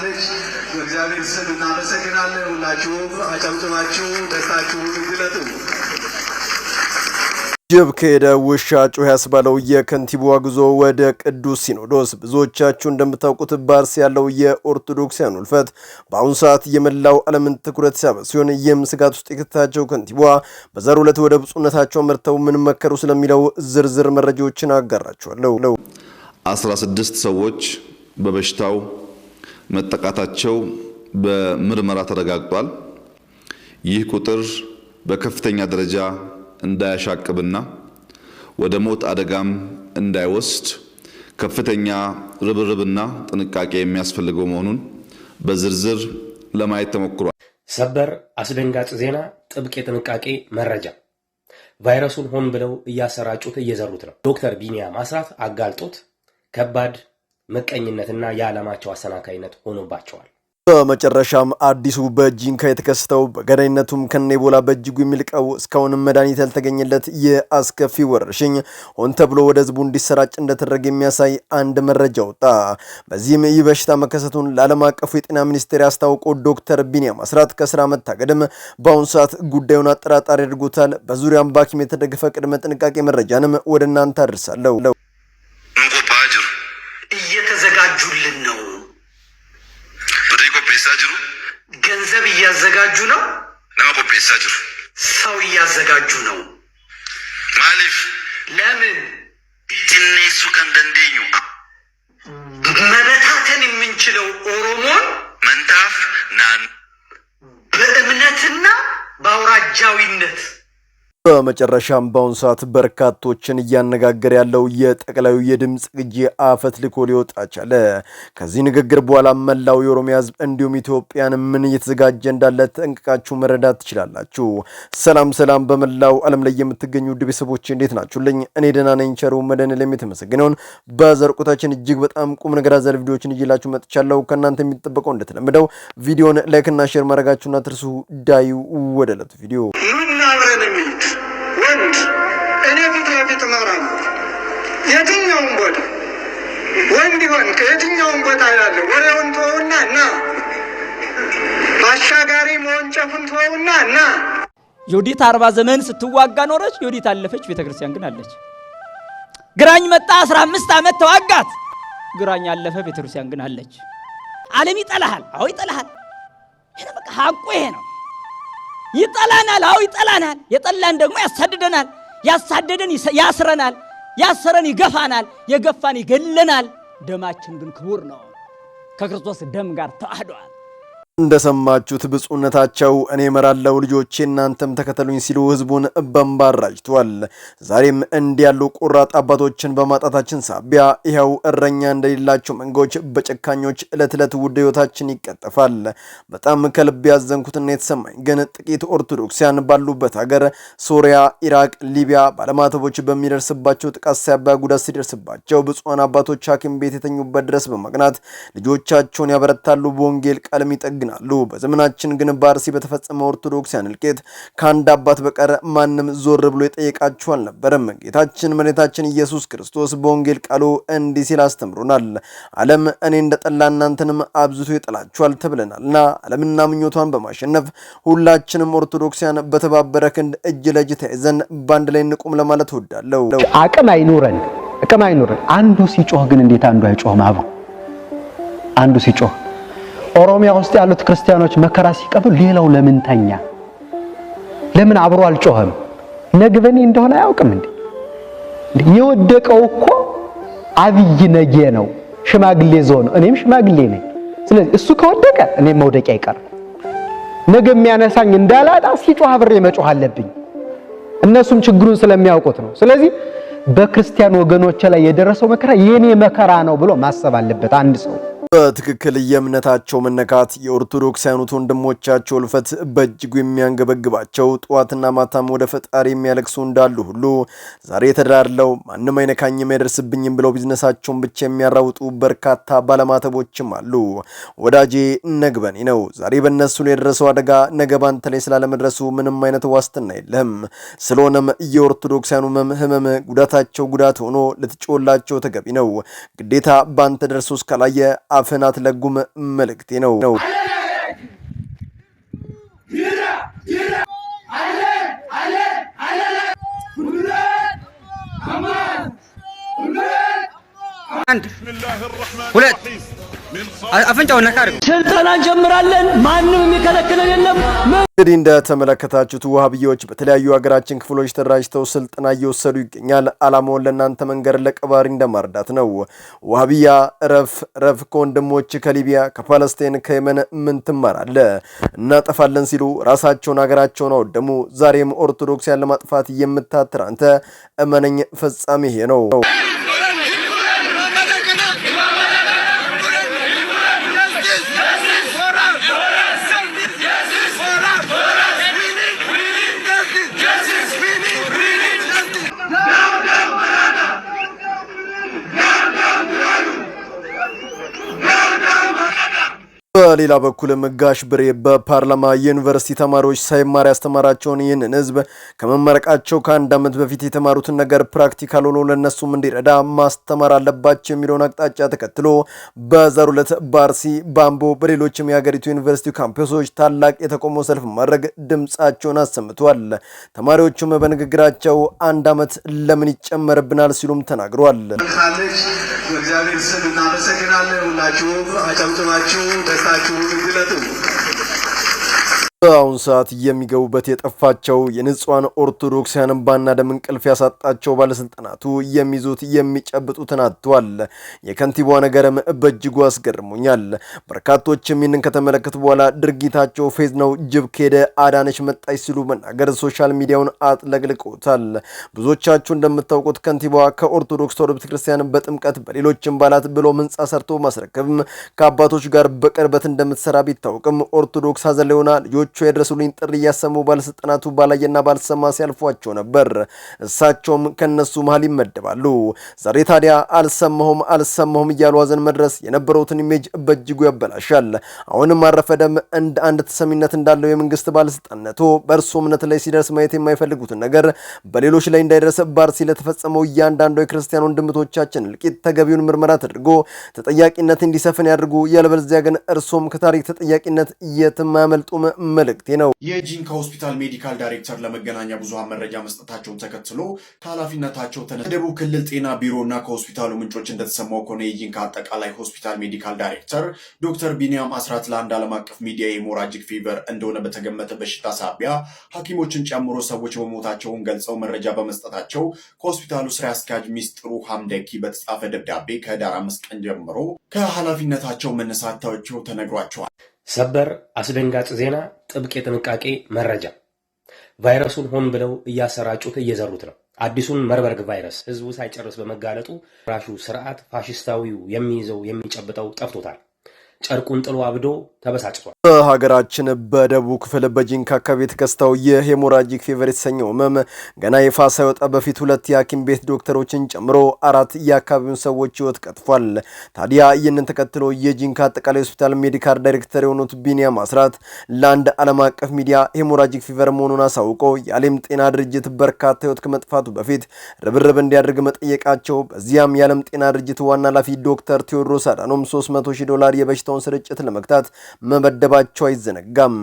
ትችላለች። በእግዚአብሔር ስም እናመሰግናለን። ሁላችሁም አጨብጭባችሁ ደስታችሁን ግለጡ። ጅብ ከሄደ ውሻ ጮህ ያስባለው የከንቲባዋ ጉዞ ወደ ቅዱስ ሲኖዶስ። ብዙዎቻችሁ እንደምታውቁት ባርስ ያለው የኦርቶዶክሳውያን ውልፈት በአሁኑ ሰዓት የመላው ዓለምን ትኩረት ሲያበ ሲሆን ይህም ስጋት ውስጥ የከተታቸው ከንቲባዋ በዘር ሁለት ወደ ብፁዕነታቸው መርተው ምን መከሩ ስለሚለው ዝርዝር መረጃዎችን አጋራችኋለሁ። 16 ሰዎች በበሽታው መጠቃታቸው በምርመራ ተረጋግጧል። ይህ ቁጥር በከፍተኛ ደረጃ እንዳያሻቅብና ወደ ሞት አደጋም እንዳይወስድ ከፍተኛ ርብርብና ጥንቃቄ የሚያስፈልገው መሆኑን በዝርዝር ለማየት ተሞክሯል። ሰበር አስደንጋጭ ዜና፣ ጥብቅ የጥንቃቄ መረጃ። ቫይረሱን ሆን ብለው እያሰራጩት እየዘሩት ነው። ዶክተር ቢኒያም አስራት አጋልጦት ከባድ ምቀኝነትና የዓላማቸው አሰናካይነት ሆኖባቸዋል። በመጨረሻም አዲሱ በጂንካ የተከሰተው በገዳይነቱም ከኔቦላ በእጅጉ የሚልቀው እስካሁንም መድኃኒት ያልተገኘለት የአስከፊ ወረርሽኝ ሆን ተብሎ ወደ ህዝቡ እንዲሰራጭ እንደተደረገ የሚያሳይ አንድ መረጃ ወጣ። በዚህም ይህ በሽታ መከሰቱን ለዓለም አቀፉ የጤና ሚኒስቴር ያስታወቀው ዶክተር ቢኒያም አስራት ከስራ መታገድም በአሁኑ ሰዓት ጉዳዩን አጠራጣሪ አድርጎታል። በዙሪያም በሐኪም የተደገፈ ቅድመ ጥንቃቄ መረጃንም ወደ እናንተ አድርሳለሁ። እያዘጋጁልን ነው። ገንዘብ እያዘጋጁ ነው። ሰው እያዘጋጁ ነው። ማሊፍ ለምን ትኔሱ ከንደንዴኙ መበታተን የምንችለው ኦሮሞን መንታፍ ናን በእምነትና በአውራጃዊነት በመጨረሻም በአሁኑ ሰዓት በርካቶችን እያነጋገር ያለው የጠቅላዩ የድምፅ ግጂ አፈት ልኮ ሊወጣ ቻለ። ከዚህ ንግግር በኋላ መላው የኦሮሚያ ህዝብ እንዲሁም ኢትዮጵያን ምን እየተዘጋጀ እንዳለ ጠንቅቃችሁ መረዳት ትችላላችሁ። ሰላም ሰላም፣ በመላው ዓለም ላይ የምትገኙ ውድ ቤተሰቦች እንዴት ናችሁልኝ? እኔ ደህና ነኝ። ቸሩ መድኃኔዓለም የተመሰገነውን በዘርቁታችን እጅግ በጣም ቁም ነገር አዘል ቪዲዮዎችን እየላችሁ መጥቻለሁ። ከእናንተ የሚጠበቀው እንደተለመደው ቪዲዮን ላይክና ሼር ማድረጋችሁና ትርሱ ዳዩ ወደ ዕለቱ ቪዲዮ ትመራለህ። የትኛውም ቦታ ወይም ቢሆን ከየትኛውም ቦታ ያለ ወሬውን ተወውና ና አሻጋሪ መወንጨፉን ተወውና ና ዮዲት አርባ ዘመን ስትዋጋ ኖረች። ዮዲት አለፈች፣ ቤተ ክርስቲያን ግን አለች። ግራኝ መጣ፣ አስራ አምስት ዓመት ተዋጋት። ግራኝ አለፈ፣ ቤተ ክርስቲያን ግን አለች። ዓለም ይጠላሃል፣ አዎ ይጠላሃል። ይሄ በቃ ሀቁ ይሄ ነው። ይጠላናል፣ አዎ ይጠላናል። የጠላን ደግሞ ያሳድደናል። ያሳደደን ያስረናል፣ ያሰረን ይገፋናል፣ የገፋን ይገለናል። ደማችን ግን ክቡር ነው፣ ከክርስቶስ ደም ጋር ተዋህዷል። እንደሰማችሁት ብፁዕነታቸው እኔ እመራለሁ ልጆቼ እናንተም ተከተሉኝ ሲሉ ህዝቡን በእንባ አራጭቷል። ዛሬም እንዲህ ያሉ ቁራጥ አባቶችን በማጣታችን ሳቢያ ይኸው እረኛ እንደሌላቸው መንጎች በጨካኞች ዕለት ዕለት ውድ ህይወታችን ይቀጠፋል። በጣም ከልብ ያዘንኩትና የተሰማኝ ግን ጥቂት ኦርቶዶክሲያን ባሉበት ሀገር ሶሪያ፣ ኢራቅ፣ ሊቢያ ባለማተቦች በሚደርስባቸው ጥቃት ሳቢያ ጉዳት ሲደርስባቸው ብፁዓን አባቶች ሐኪም ቤት የተኙበት ድረስ በመቅናት ልጆቻቸውን ያበረታሉ፣ በወንጌል ቃልም ይጠግ ያመሰግናሉ። በዘመናችን ግን ሲ በተፈጸመ ኦርቶዶክሳውያን እልቂት ከአንድ አባት በቀር ማንም ዞር ብሎ የጠየቃችሁ አልነበረም። ጌታችን መድኃኒታችን ኢየሱስ ክርስቶስ በወንጌል ቃሉ እንዲህ ሲል አስተምሮናል። ዓለም እኔ እንደጠላ እናንተንም አብዝቶ ይጠላችኋል ተብለናልና ዓለምና ምኞቷን በማሸነፍ ሁላችንም ኦርቶዶክሲያን በተባበረ ክንድ እጅ ለእጅ ተያይዘን በአንድ ላይ እንቁም ለማለት እወዳለሁ። አቅም አይኖረን አቅም አይኖረን አንዱ ሲጮህ ግን እንዴት አንዱ አይጮህም? አብሮ አንዱ ሲጮህ ኦሮሚያ ውስጥ ያሉት ክርስቲያኖች መከራ ሲቀበሉ ሌላው ለምን ተኛ? ለምን አብሮ አልጮኸም? ነግበኒ እንደሆነ አያውቅም እንዴ? የወደቀው እኮ አብይ ነጌ ነው፣ ሽማግሌ ዞን፣ እኔም ሽማግሌ ነኝ። ስለዚህ እሱ ከወደቀ እኔም መውደቄ አይቀር። ነገ የሚያነሳኝ እንዳላጣ ሲጮህ አብሬ መጮህ አለብኝ። እነሱም ችግሩን ስለሚያውቁት ነው። ስለዚህ በክርስቲያን ወገኖች ላይ የደረሰው መከራ የኔ መከራ ነው ብሎ ማሰብ አለበት አንድ ሰው። በትክክል የእምነታቸው መነካት የኦርቶዶክስ የኦርቶዶክሳውያኑት ወንድሞቻቸው እልፈት በእጅጉ የሚያንገበግባቸው ጠዋትና ማታም ወደ ፈጣሪ የሚያለቅሱ እንዳሉ ሁሉ ዛሬ ተደላድለው ማንም አይነካኝም አይደርስብኝም ብለው ቢዝነሳቸውን ብቻ የሚያራውጡ በርካታ ባለማተቦችም አሉ። ወዳጄ ነግበኔ ነው። ዛሬ በእነሱ ላይ የደረሰው አደጋ ነገ ባንተ ላይ ስላለመድረሱ ምንም አይነት ዋስትና የለህም። ስለሆነም የኦርቶዶክሳኑ ህመም ህመም ጉዳታቸው ጉዳት ሆኖ ልትጮላቸው ተገቢ ነው። ግዴታ ባንተ ደርሶ እስካላየ አፍናት ለጉም መልእክቴ ነው ነው አንድ ሁለት አፍንጫውን ነካ አድርገው ስልጠና እንጀምራለን። ማንም የሚከለክለን የለም። እንግዲህ እንደተመለከታችሁት ውሃብያዎች በተለያዩ ሀገራችን ክፍሎች ተደራጅተው ስልጠና እየወሰዱ ይገኛል። አላማውን ለእናንተ መንገድ ለቀባሪ እንደማርዳት ነው። ውሃብያ ረፍ ረፍ፣ ከወንድሞች ከሊቢያ ከፓለስቲን ከየመን ምን ትማራለ? እናጠፋለን ሲሉ ራሳቸውን ሀገራቸውን አወደሙ። ዛሬም ኦርቶዶክስ ያለማጥፋት የምታትር አንተ እመነኝ፣ ፈጻሚ ይሄ ነው። በሌላ በኩልም ጋሽ ብሬ በፓርላማ የዩኒቨርሲቲ ተማሪዎች ሳይማር ያስተማራቸውን ይህንን ህዝብ ከመመረቃቸው ከአንድ ዓመት በፊት የተማሩትን ነገር ፕራክቲካል ሆኖ ለእነሱም እንዲረዳ ማስተማር አለባቸው የሚለውን አቅጣጫ ተከትሎ በዘር ሁለት ባርሲ፣ ባምቦ፣ በሌሎችም የሀገሪቱ ዩኒቨርሲቲ ካምፓሶች ታላቅ የተቃውሞ ሰልፍ ማድረግ ድምፃቸውን አሰምተዋል። ተማሪዎቹም በንግግራቸው አንድ ዓመት ለምን ይጨመርብናል ሲሉም ተናግረዋል። እግዚአብሔር ስም እናመሰግናለን። ሁላችሁም አጨብጭባችሁ ደስታችሁን ግለጡ። በአሁን ሰዓት የሚገቡበት የጠፋቸው የንጹሐን ኦርቶዶክሳውያን ባና ደም እንቅልፍ ያሳጣቸው ባለስልጣናቱ የሚይዙት የሚጨብጡትን አጥቷል። የከንቲባዋ ነገርም በእጅጉ አስገርሞኛል። በርካቶችም ይህንን ከተመለከቱ በኋላ ድርጊታቸው ፌዝ ነው፣ ጅብ ከሄደ አዳነች መጣች ሲሉ መናገር ሶሻል ሚዲያውን አጥለቅልቆታል። ብዙዎቻችሁ እንደምታውቁት ከንቲባዋ ከኦርቶዶክስ ተዋሕዶ ቤተክርስቲያን በጥምቀት በሌሎችም በዓላት ብሎ ህንፃ ሰርቶ ማስረከብም ከአባቶች ጋር በቅርበት እንደምትሰራ ቢታወቅም ኦርቶዶክስ ሀዘን ላይ ሆና ልጆች እሳቸው የድረሱልኝ ጥሪ እያሰሙ ባለስልጣናቱ ባላየና ባልሰማ ሲያልፏቸው ነበር። እሳቸውም ከነሱ መሃል ይመደባሉ። ዛሬ ታዲያ አልሰማሁም አልሰማሁም እያሉ ሐዘን መድረስ የነበረውትን ኢሜጅ በእጅጉ ያበላሻል። አሁንም ደም እንደ አንድ ተሰሚነት እንዳለው የመንግስት ባለስልጣንነቱ በእርሱ እምነት ላይ ሲደርስ ማየት የማይፈልጉትን ነገር በሌሎች ላይ እንዳይደርስ ባርሲ ለተፈጸመው እያንዳንዱ የክርስቲያን ወንድምቶቻችን እልቂት ተገቢውን ምርመራ ተደርጎ ተጠያቂነት እንዲሰፍን ያድርጉ። ያለበለዚያ ግን እርሶም ከታሪክ ተጠያቂነት የትም አያመልጡም። መልእክቴ ነው። የጂንካ ሆስፒታል ሜዲካል ዳይሬክተር ለመገናኛ ብዙሃን መረጃ መስጠታቸውን ተከትሎ ከኃላፊነታቸው ተነ ከደቡብ ክልል ጤና ቢሮ እና ከሆስፒታሉ ምንጮች እንደተሰማው ከሆነ የጂንካ አጠቃላይ ሆስፒታል ሜዲካል ዳይሬክተር ዶክተር ቢኒያም አስራት ለአንድ ዓለም አቀፍ ሚዲያ የሄሞራጂክ ፊቨር እንደሆነ በተገመተ በሽታ ሳቢያ ሐኪሞችን ጨምሮ ሰዎች መሞታቸውን ገልጸው መረጃ በመስጠታቸው ከሆስፒታሉ ስራ አስኪያጅ ሚስጥሩ ሀምደኪ በተጻፈ ደብዳቤ ከህዳር አምስት ቀን ጀምሮ ከኃላፊነታቸው መነሳታቸው ተነግሯቸዋል። ሰበር አስደንጋጭ ዜና፣ ጥብቅ የጥንቃቄ መረጃ። ቫይረሱን ሆን ብለው እያሰራጩት እየዘሩት ነው። አዲሱን መርበርግ ቫይረስ ህዝቡ ሳይጨርስ በመጋለጡ ራሹ ስርዓት ፋሽስታዊው የሚይዘው የሚጨብጠው ጠፍቶታል። ጨርቁን ጥሎ አብዶ ተበሳጭቷል። በሀገራችን በደቡብ ክፍል በጂንካ አካባቢ የተከስተው የሄሞራጂክ ፌቨር የተሰኘው ህመም ገና ይፋ ሳይወጣ በፊት ሁለት የሐኪም ቤት ዶክተሮችን ጨምሮ አራት የአካባቢውን ሰዎች ህይወት ቀጥፏል። ታዲያ ይህንን ተከትሎ የጂንካ አጠቃላይ ሆስፒታል ሜዲካል ዳይሬክተር የሆኑት ቢኒያም አስራት ለአንድ ዓለም አቀፍ ሚዲያ ሄሞራጂክ ፌቨር መሆኑን አሳውቆ የዓለም ጤና ድርጅት በርካታ ህይወት ከመጥፋቱ በፊት ርብርብ እንዲያደርግ መጠየቃቸው፣ በዚያም የዓለም ጤና ድርጅት ዋና ኃላፊ ዶክተር ቴዎድሮስ አዳኖም 300 ሺህ ዶላር የበሽታውን ስርጭት ለመግታት መመደባቸው አይዘነጋም።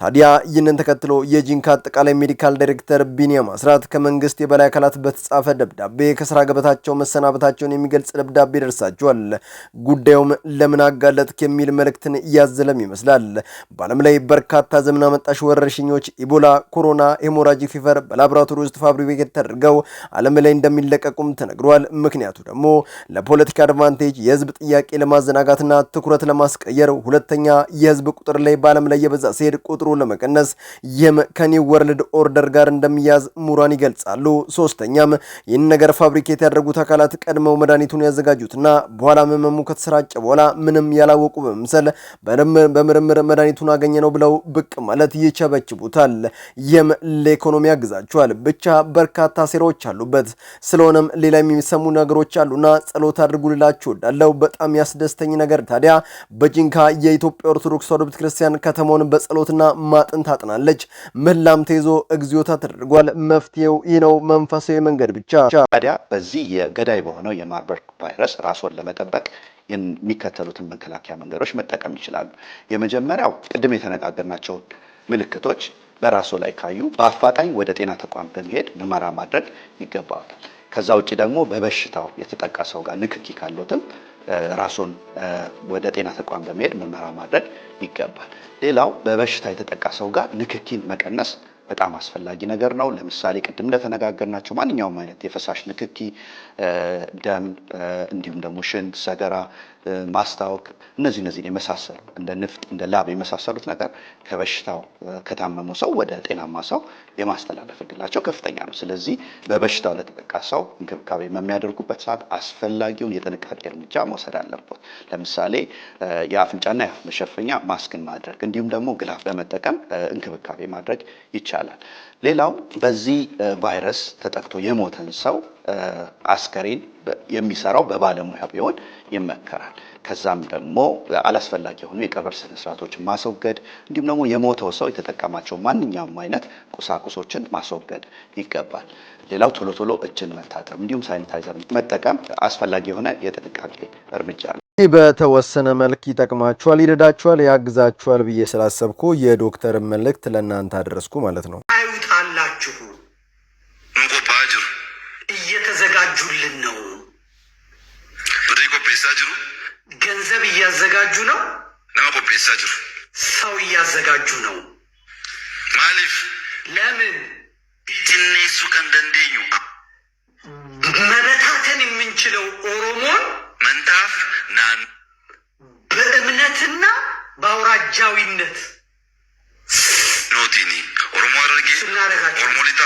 ታዲያ ይህንን ተከትሎ የጂንካ አጠቃላይ ሜዲካል ዳይሬክተር ቢኒያም አስራት ከመንግስት የበላይ አካላት በተጻፈ ደብዳቤ ከስራ ገበታቸው መሰናበታቸውን የሚገልጽ ደብዳቤ ደርሳቸዋል። ጉዳዩም ለምን አጋለጥክ የሚል መልእክትን እያዘለም ይመስላል። በዓለም ላይ በርካታ ዘመን አመጣሽ ወረርሽኞች ኢቦላ፣ ኮሮና፣ ሄሞራጂክ ፊቨር በላቦራቶሪ ውስጥ ፋብሪኬት ተደርገው ዓለም ላይ እንደሚለቀቁም ተነግሯል። ምክንያቱ ደግሞ ለፖለቲካ አድቫንቴጅ የህዝብ ጥያቄ ለማዘናጋትና ትኩረት ለማስቀየር ሁለተኛ የህዝብ ቁጥር ላይ በዓለም ላይ የበዛ ሲሄድ ቁጥሩን ለመቀነስ ይህም ከኒው ወርልድ ኦርደር ጋር እንደሚያዝ ምሁራን ይገልጻሉ። ሶስተኛም ይህን ነገር ፋብሪኬት ያደረጉት አካላት ቀድመው መድኃኒቱን ያዘጋጁትና በኋላ ህመሙ ከተሰራጨ በኋላ ምንም ያላወቁ በመምሰል በምርምር መድኃኒቱን አገኘ ነው ብለው ብቅ ማለት ይቸበችቡታል። ይህም ለኢኮኖሚ ያግዛቸዋል። ብቻ በርካታ ሴራዎች አሉበት። ስለሆነም ሌላ የሚሰሙ ነገሮች አሉና ጸሎት አድርጉ ልላችሁ ወዳለው በጣም ያስደስተኝ ነገር ታዲያ በጂንካ የኢትዮጵያ ኦርቶ ኦርቶዶክስ ተዋሕዶ ቤተክርስቲያን ከተማውን በጸሎትና ማጥን ታጥናለች። ምህላም ተይዞ እግዚኦታ ተደርጓል። መፍትሄው ይህ ነው፣ መንፈሳዊ መንገድ ብቻ። ታዲያ በዚህ የገዳይ በሆነው የማርበርግ ቫይረስ ራስዎን ለመጠበቅ የሚከተሉትን መከላከያ መንገዶች መጠቀም ይችላሉ። የመጀመሪያው ቅድም የተነጋገርናቸው ምልክቶች በራስዎ ላይ ካዩ በአፋጣኝ ወደ ጤና ተቋም በመሄድ ምርመራ ማድረግ ይገባዋል። ከዛ ውጭ ደግሞ በበሽታው የተጠቃ ሰው ጋር ንክኪ ካሎትም ራሱን ወደ ጤና ተቋም በመሄድ ምርመራ ማድረግ ይገባል። ሌላው በበሽታ የተጠቃ ሰው ጋር ንክኪን መቀነስ በጣም አስፈላጊ ነገር ነው። ለምሳሌ ቅድም እንደተነጋገርናቸው ማንኛውም አይነት የፈሳሽ ንክኪ፣ ደም፣ እንዲሁም ደግሞ ሽንት፣ ሰገራ፣ ማስታወክ እነዚህ እነዚህን የመሳሰሉ እንደ ንፍጥ እንደ ላብ የመሳሰሉት ነገር ከበሽታው ከታመሙ ሰው ወደ ጤናማ ሰው የማስተላለፍ እድላቸው ከፍተኛ ነው። ስለዚህ በበሽታው ለተጠቃ ሰው እንክብካቤ በሚያደርጉበት ሰዓት አስፈላጊውን የጥንቃቄ እርምጃ መውሰድ አለበት። ለምሳሌ የአፍንጫና የአፍ መሸፈኛ ማስክን ማድረግ እንዲሁም ደግሞ ግላፍ በመጠቀም እንክብካቤ ማድረግ ይቻላል። ይቻላል። ሌላው በዚህ ቫይረስ ተጠቅቶ የሞተን ሰው አስከሬን የሚሰራው በባለሙያ ቢሆን ይመከራል። ከዛም ደግሞ አላስፈላጊ የሆኑ የቀብር ስነስርዓቶችን ማስወገድ እንዲሁም ደግሞ የሞተው ሰው የተጠቀማቸው ማንኛውም አይነት ቁሳቁሶችን ማስወገድ ይገባል። ሌላው ቶሎ ቶሎ እጅን መታጠብ እንዲሁም ሳኒታይዘር መጠቀም አስፈላጊ የሆነ የጥንቃቄ እርምጃ ነው። በተወሰነ መልክ ይጠቅማችኋል፣ ይረዳችኋል፣ ያግዛችኋል ብዬ ስላሰብኩ የዶክተርን መልእክት ለእናንተ አደረስኩ ማለት ነው። አይዊት አላችሁ እየተዘጋጁልን ነው። ገንዘብ እያዘጋጁ ነው። ሰው እያዘጋጁ ነው። ማሊፍ ለምን ትኔሱ ከንደንዴኙ መበታተን የምንችለው ኦሮሞን ምንጣፍ ናን በእምነትና በአውራጃዊነት ኖቲኒ ኦሮሞ አረርጌ ኦሮሞ ሊጣ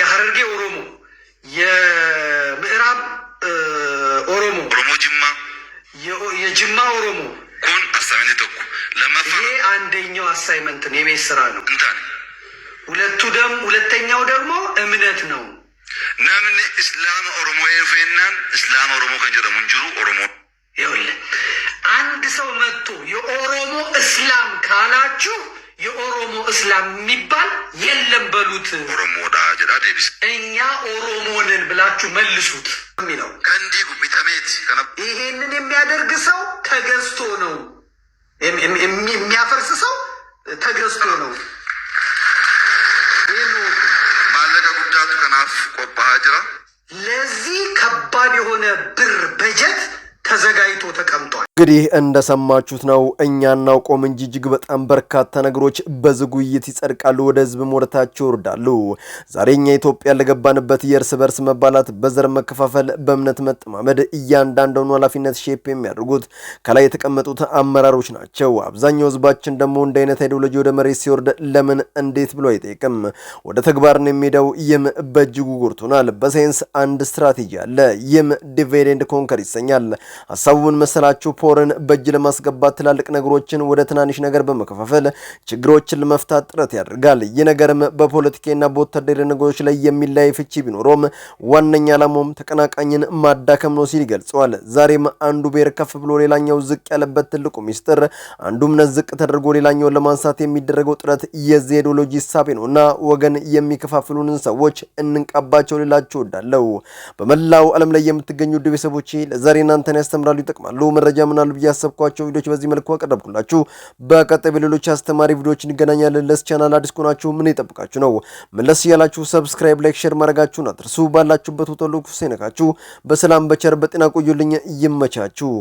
የሀረርጌ ኦሮሞ የምዕራብ ኦሮሞ ኦሮሞ ጅማ የጅማ ኦሮሞ ኩን አሳይመንት ተኩ ለመፈ ይሄ አንደኛው አሳይመንት የቤት ስራ ነው። ሁለቱ ደግሞ ሁለተኛው ደግሞ እምነት ነው። namni islaama oromoo feenaan islaama oromoo kan jedhamu jiru oromoo አንድ ሰው መጥቶ የኦሮሞ እስላም ካላችሁ የኦሮሞ እስላም የሚባል የለም በሉት። ኦሮሞዳ ጀዳ ዴቢስ እኛ ኦሮሞንን ብላችሁ መልሱት የሚለው ከንዲ ጉቢተሜት ይሄንን የሚያደርግ ሰው ተገዝቶ ነው የሚያፈርስ ሰው ተገዝቶ ነው። ለዚህ ከባድ የሆነ ብር በጀት ተዘጋጅቶ ተቀምጧል። እንግዲህ እንደሰማችሁት ነው። እኛ እናውቆም እንጂ እጅግ በጣም በርካታ ነገሮች በዝግ ውይይት ይጸድቃሉ፣ ወደ ህዝብ ወደታቸው ይወርዳሉ። ዛሬ እኛ ኢትዮጵያ ለገባንበት የእርስ በርስ መባላት፣ በዘር መከፋፈል፣ በእምነት መጠማመድ እያንዳንደውን ኃላፊነት ሼፕ የሚያደርጉት ከላይ የተቀመጡት አመራሮች ናቸው። አብዛኛው ህዝባችን ደግሞ እንደ አይነት አይዲዮሎጂ ወደ መሬት ሲወርድ ለምን እንዴት ብሎ አይጠይቅም፣ ወደ ተግባር ነው የሚሄደው። ይህም በእጅጉ ጎርቶናል። በሳይንስ አንድ ስትራቴጂ አለ። ይህም ዲቫይድ ኤንድ ኮንከር ይሰኛል። ሀሳቡን መሰላችሁ ፖርን በእጅ ለማስገባት ትላልቅ ነገሮችን ወደ ትናንሽ ነገር በመከፋፈል ችግሮችን ለመፍታት ጥረት ያደርጋል። ይህ ነገርም በፖለቲካና በወታደራዊ ነገሮች ላይ የሚለያይ ፍቺ ቢኖረውም ዋነኛ ዓላማውም ተቀናቃኝን ማዳከም ነው ሲል ይገልጸዋል። ዛሬም አንዱ ብሔር ከፍ ብሎ ሌላኛው ዝቅ ያለበት ትልቁ ሚስጥር አንዱ እምነት ዝቅ ተደርጎ ሌላኛውን ለማንሳት የሚደረገው ጥረት የዚህ አይዲዮሎጂ ነው ነውና ወገን የሚከፋፍሉንን ሰዎች እንንቃባቸው ልላችሁ እወዳለሁ። በመላው ዓለም ላይ የምትገኙ ውድ ቤተሰቦቼ ለዛሬ እናንተን ያስተምራሉ፣ ይጠቅማሉ፣ መረጃ ምናሉ ብዬ ያሰብኳቸው ቪዲዮዎች በዚህ መልኩ አቀረብኩላችሁ። በቀጣይ በሌሎች አስተማሪ ቪዲዮች እንገናኛለን። ለስ ቻናል አዲስ ከሆናችሁ ምን ይጠብቃችሁ ነው? መለስ እያላችሁ ሰብስክራይብ፣ ላይክ፣ ሼር ማድረጋችሁን አትርሱ። ባላችሁበት ወተሉ ኩሴ ነካችሁ። በሰላም በቸር በጤና ቆዩልኝ። ይመቻችሁ።